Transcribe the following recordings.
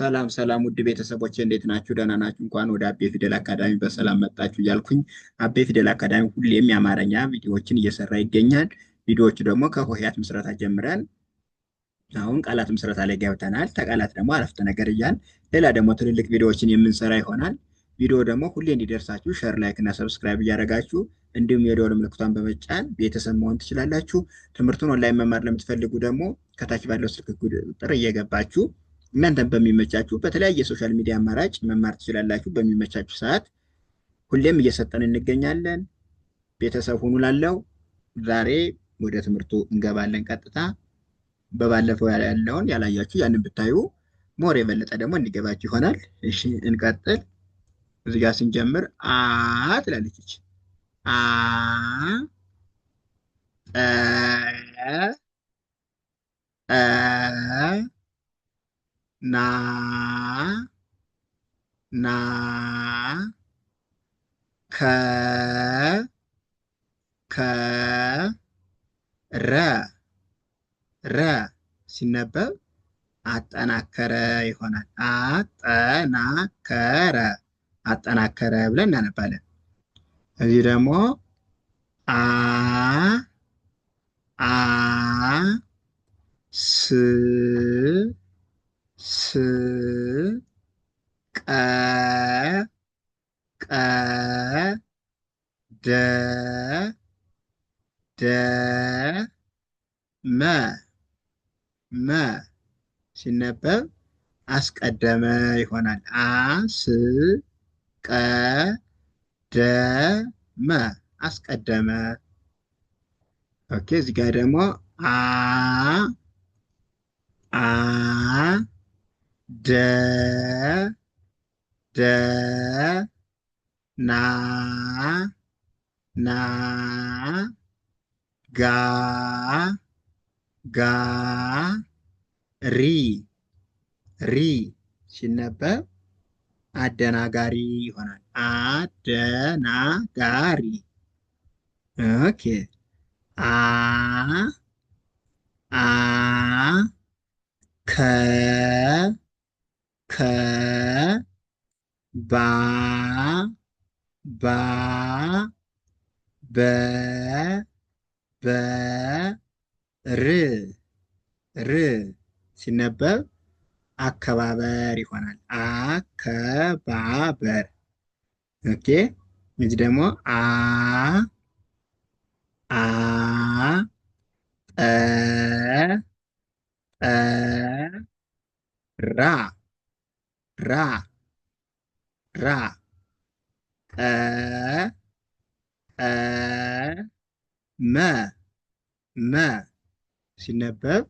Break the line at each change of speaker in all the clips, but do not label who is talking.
ሰላም ሰላም ውድ ቤተሰቦች እንዴት ናችሁ? ደህና ናችሁ? እንኳን ወደ አቤ ፊደል አካዳሚ በሰላም መጣችሁ እያልኩኝ አቤ ፊደል አካዳሚ ሁሌም የአማርኛ ቪዲዮዎችን እየሰራ ይገኛል። ቪዲዮዎቹ ደግሞ ከሆሄያት ምስረታ ጀምረን አሁን ቃላት ምስረታ ላይ ገብተናል። ተቃላት ደግሞ አረፍተ ነገር እያል ሌላ ደግሞ ትልልቅ ቪዲዮዎችን የምንሰራ ይሆናል። ቪዲዮ ደግሞ ሁሌ እንዲደርሳችሁ ሸር፣ ላይክ እና ሰብስክራይብ እያደረጋችሁ እንዲሁም የደወል ምልክቷን በመጫን ቤተሰብ መሆን ትችላላችሁ። ትምህርቱን ኦንላይን መማር ለምትፈልጉ ደግሞ ከታች ባለው ስልክ ቁጥር እየገባችሁ እናንተ በሚመቻችሁ በተለያየ ሶሻል ሚዲያ አማራጭ መማር ትችላላችሁ። በሚመቻችሁ ሰዓት ሁሌም እየሰጠን እንገኛለን። ቤተሰብ ሁኑ ላለው ዛሬ ወደ ትምህርቱ እንገባለን ቀጥታ። በባለፈው ያለውን ያላያችሁ ያንን ብታዩ ሞር የበለጠ ደግሞ እንዲገባችሁ ይሆናል። እሺ እንቀጥል። እዚህ ጋር ስንጀምር አ ትላለች አ ጠ ና ና ከ ከ ረ ረ ሲነበብ አጠናከረ ይሆናል። አጠናከረ አጠናከረ ብለን እናነባለን። እዚህ ደግሞ አ አ ስ ቀ ቀ ደ ደ መ መ ሲነበብ አስቀደመ ይሆናል። አስ ቀ ደ መ አስቀደመ። ኦኬ እዚህ ጋር ደግሞ አ አ ደ ደ ና ና ጋ ጋ ሪ ሪ ሲነበብ አደናጋሪ ይሆናል። አደናጋሪ ኦኬ። አ አ ከ ከ ባ ባ በ በ ር ር ሲነበብ አከባበር ይሆናል። አከባበር ኦኬ። እዚህ ደግሞ አ አ ጠ ጠ ራ ራ ራ ጠ ጠ መ መ ሲነበብ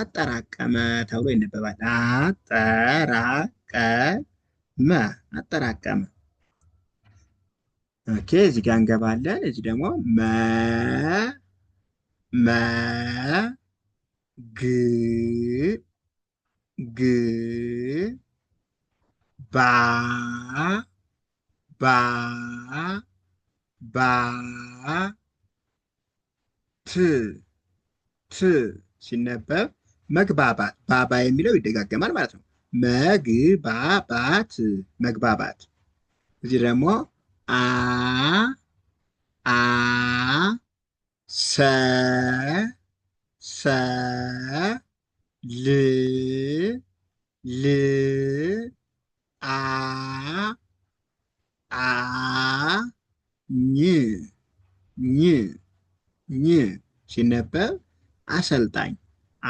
አጠራቀመ ተብሎ ይነበባል። አጠራቀመ አጠራቀመ። ኦኬ እዚህ ጋር እንገባለን። እዚህ ደግሞ መ መ ግ ግ ba ba ba ት ት ሲነበብ መግባባት ባባ የሚለው ይደጋገማል ማለት ነው። መግባባት መግባባት። እዚህ ደግሞ አ አ ሰ ሰ ል ል አ አ ኝ ኝ ኝ ሲነበብ አሰልጣኝ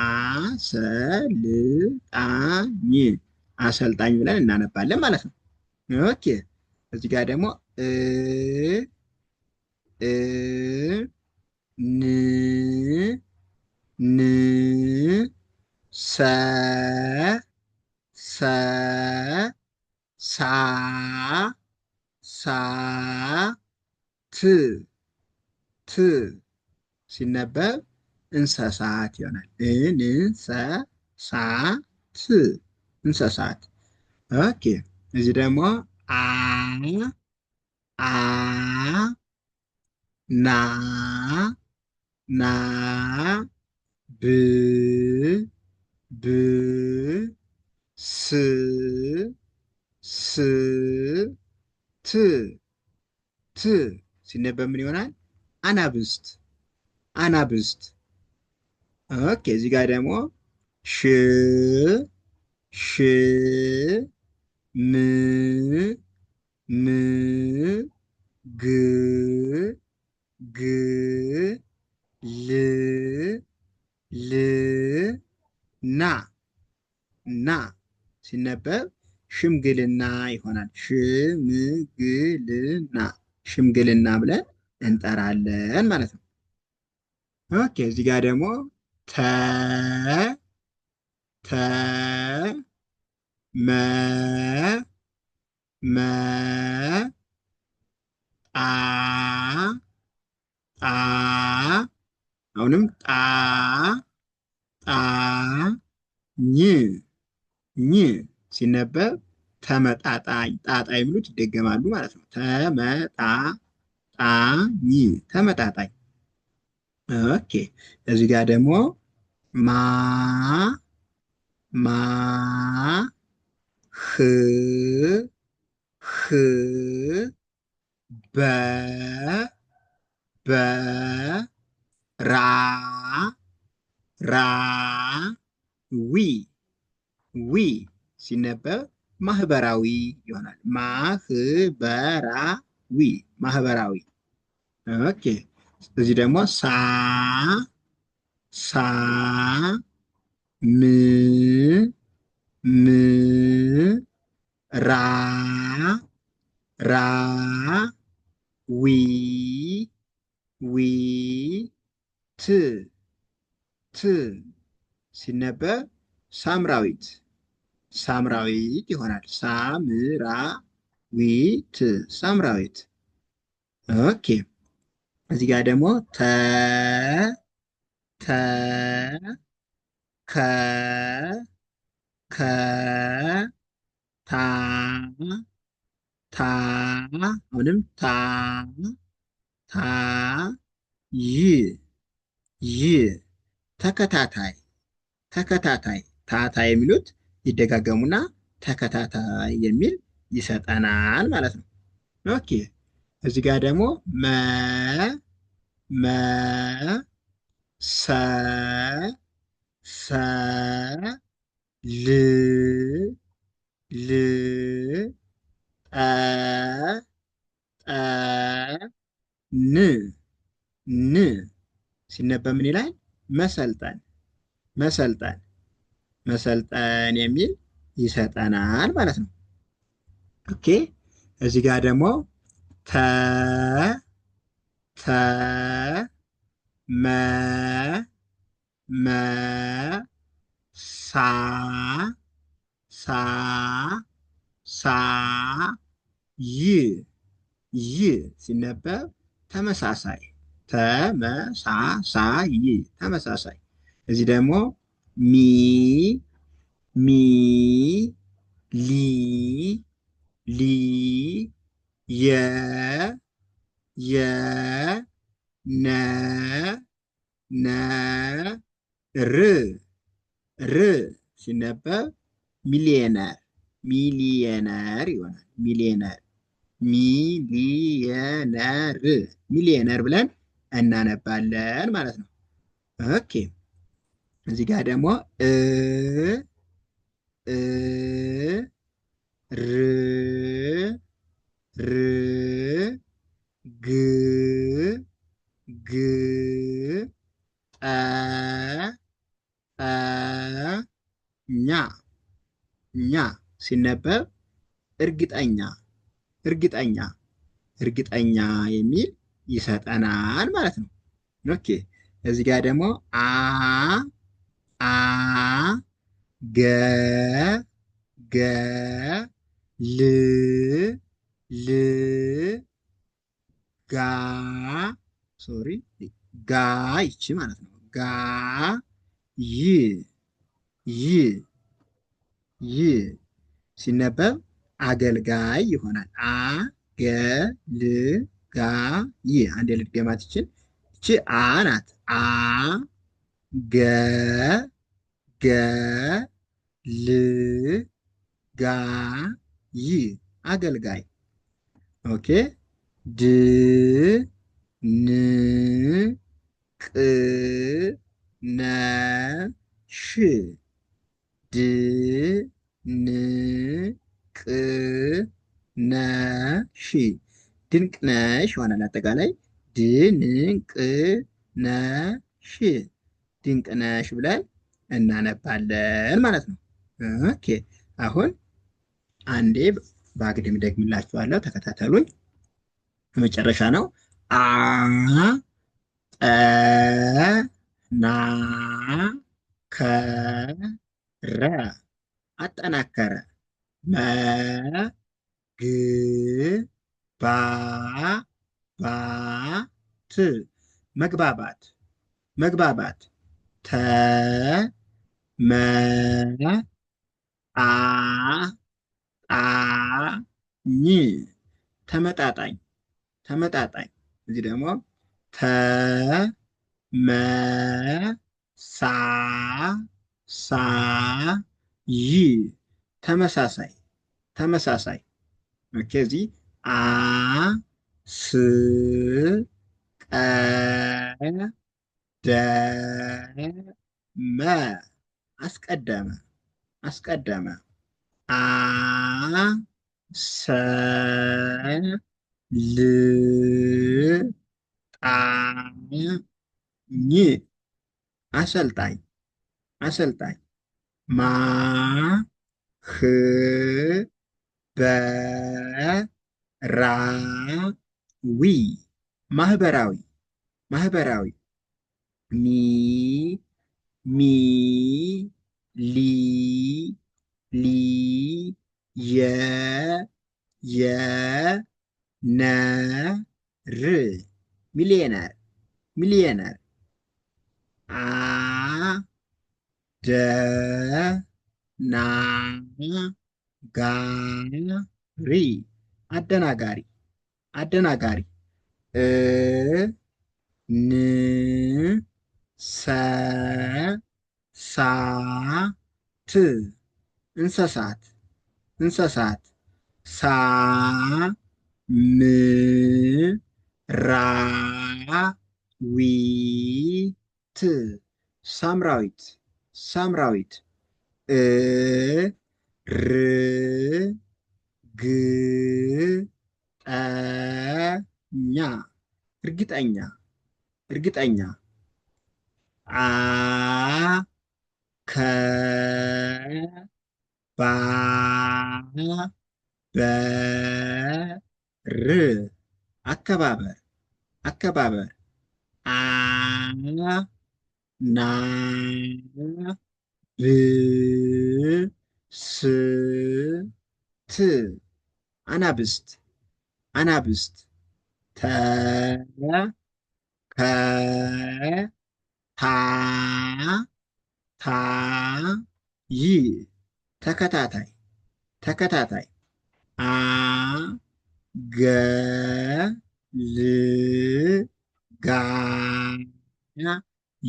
አሰልጣኝ አሰልጣኝ ብለን እናነባለን ማለት ነው። ኦኬ እዚህ ጋር ደግሞ እ እ ን ን ሰ ሰ ሳ ሳ ት ት ሲነበብ እንሰሳት ይሆናል። እንሰሳት እንሰሳት። ኦኬ እዚህ ደግሞ አ አ ና ና ብ ብ ስ ስ ት ት ሲነበብ ምን ይሆናል? አናብስት አናብስት። ኦኬ እዚህ ጋር ደግሞ ሽ ሽ ም ም ግ ግ ል ል ና ና ሲነበብ ሽምግልና ይሆናል። ሽምግልና ሽምግልና ብለን እንጠራለን ማለት ነው። ኦኬ እዚህ ጋር ደግሞ ተ ተ መ መ ጣ ጣ አሁንም ጣ ጣ ኝ ኝ ሲነበብ ተመጣጣኝ ጣጣ የሚሉት ይደገማሉ ማለት ነው። ተመጣጣኝ ተመጣጣኝ። ኦኬ እዚህ ጋር ደግሞ ማ ማ ህ ህ በ በ ራ ራ ዊ ዊ ሲነበብ ማህበራዊ ይሆናል። ማህበራዊ ማህበራዊ። ኦኬ እዚህ ደግሞ ሳ ሳ ም ም ራ ራ ዊ ዊ ት ት ሲነበብ ሳምራዊት ሳምራዊት ይሆናል። ሳምራዊት ሳምራዊት። ኦኬ እዚህ ጋር ደግሞ ተ ተ ከ ከ ታ ታ አሁንም ታ ታ ይ ይ ተከታታይ ተከታታይ ታታ የሚሉት ይደጋገሙና ተከታታይ የሚል ይሰጠናል ማለት ነው። ኦኬ እዚህ ጋር ደግሞ መ መ ሰ ሰ ል ል ጠ ጠ ን ን ሲነበብ ምን ይላል? መሰልጠን መሰልጠን መሰልጠን የሚል ይሰጠናል ማለት ነው። ኦኬ እዚህ ጋር ደግሞ ተ ተ መ መ ሳ ሳ ሳ ይ ይ ሲነበብ ተመሳሳይ ተመሳሳይ ተመሳሳይ እዚህ ደግሞ ሚ ሚ ሊ ሊ የ የ ነ ነ ር ር ሲነበብ ሚሊየነር ሚሊየነር ይሆናል። ሚሊየነር ሚሊየነር ሚሊየነር ብለን እናነባለን ማለት ነው። ኦኬ እዚህ ጋር ደግሞ እ እ ር ር ግ ግ ጠ ጠ ኛ ኛ ሲነበብ እርግጠኛ እርግጠኛ እርግጠኛ የሚል ይሰጠናል ማለት ነው። ኦኬ እዚህ ጋር ደግሞ አ አ ገ ገ ል ል ጋ ሶሪ ጋ ይቺ ማለት ነው። ጋ ይ ይ ይ ሲነበብ አገልጋይ ይሆናል። አ ገ ል ጋ ይ አንድ ልድገማት ይችል ይቺ አ ናት። አ ገ ገ ል ጋ ይ አገልጋይ። ኦኬ ድ ን ቅ ነ ሽ ድ ን ቅ ነ ሺ ድንቅ ነሽ ይሆናል። አጠቃላይ ድንቅ ነሽ ድንቅነሽ ብለን እናነባለን ማለት ነው። ኦኬ አሁን አንዴ በአግድም ደግምላችኋለሁ፣ ተከታተሉኝ። መጨረሻ ነው አ ጠ ና ከ ረ አጠናከረ መ ግ ባ ባ ት መግባባት መግባባት ተ መ ጣ ጣ ኝ ተመጣጣኝ ተመጣጣኝ እዚህ ደግሞ ተ መ ሳ ሳ ይ ተመሳሳይ ተመሳሳይ ኦኬ እዚህ አ ስ ቀ ቀደመ አስቀደመ አስቀደመ አ ሰ ል ጣ ኝ አሰልጣኝ አሰልጣኝ ማ ህ በ ራ ዊ ማህበራዊ ማህበራዊ ሚ ሚ ሊ ሊ የ የ ነ ር ሚሊየነር ሚሊየነር አ ደ ና ጋ ሪ አደናጋሪ አደናጋሪ እ ን ሰሳት እንሰሳት እንስሳት ሳ ም ራ ዊ ት ሳምራዊት ሳምራዊት እ ር ግ ጠ ኛ እርግጠኛ እርግጠኛ አ ከ ባ በ ር አከባበር አከባበር አ ና ብ ስ ት አናብስት አናብስት ተ ከ ታ ታ ተከታታይ ተከታታይ አ ገ ል ጋ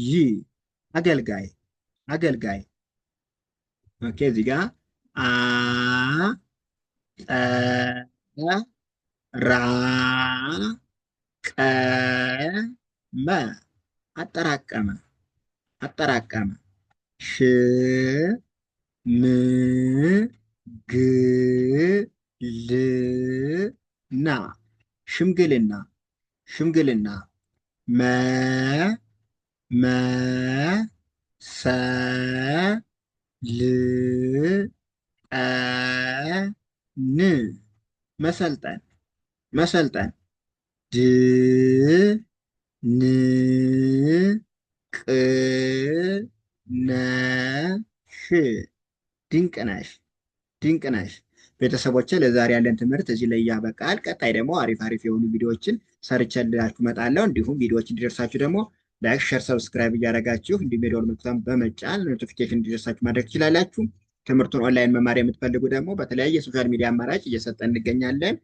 ይ አገልጋይ አገልጋይ ኦኬ እዚህ ጋ አ ጠ ራ ቀ መ አጠራቀመ አጠራቀመ ሽ ም ግ ል ና ሽምግልና ሽምግልና መ መ ሰ ል ጠ ን መሰልጠን መሰልጠን ድ ንቅነሽ ድንቅነሽ ድንቅነሽ። ቤተሰቦች ለዛሬ ያለን ትምህርት እዚህ ላይ ያበቃል። ቀጣይ ደግሞ አሪፍ አሪፍ የሆኑ ቪዲዮዎችን ሰርቼላችሁ እመጣለሁ። እንዲሁም ቪዲዮዎች እንዲደርሳችሁ ደግሞ ላይክ፣ ሸር፣ ሰብስክራይብ እያደረጋችሁ እንዲሁም የደወል ምልክቱን በመጫን ኖቲፊኬሽን እንዲደርሳችሁ ማድረግ ትችላላችሁ። ትምህርቱን ኦንላይን መማር የምትፈልጉ ደግሞ በተለያየ ሶሻል ሚዲያ አማራጭ እየሰጠን እንገኛለን።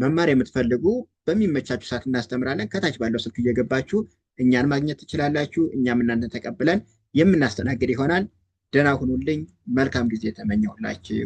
መማር የምትፈልጉ በሚመቻችሁ ሰዓት እናስተምራለን። ከታች ባለው ስልክ እየገባችሁ እኛን ማግኘት ትችላላችሁ። እኛም እናንተ ተቀብለን የምናስተናግድ ይሆናል። ደህና ሁኑልኝ። መልካም ጊዜ ተመኘሁላችሁ።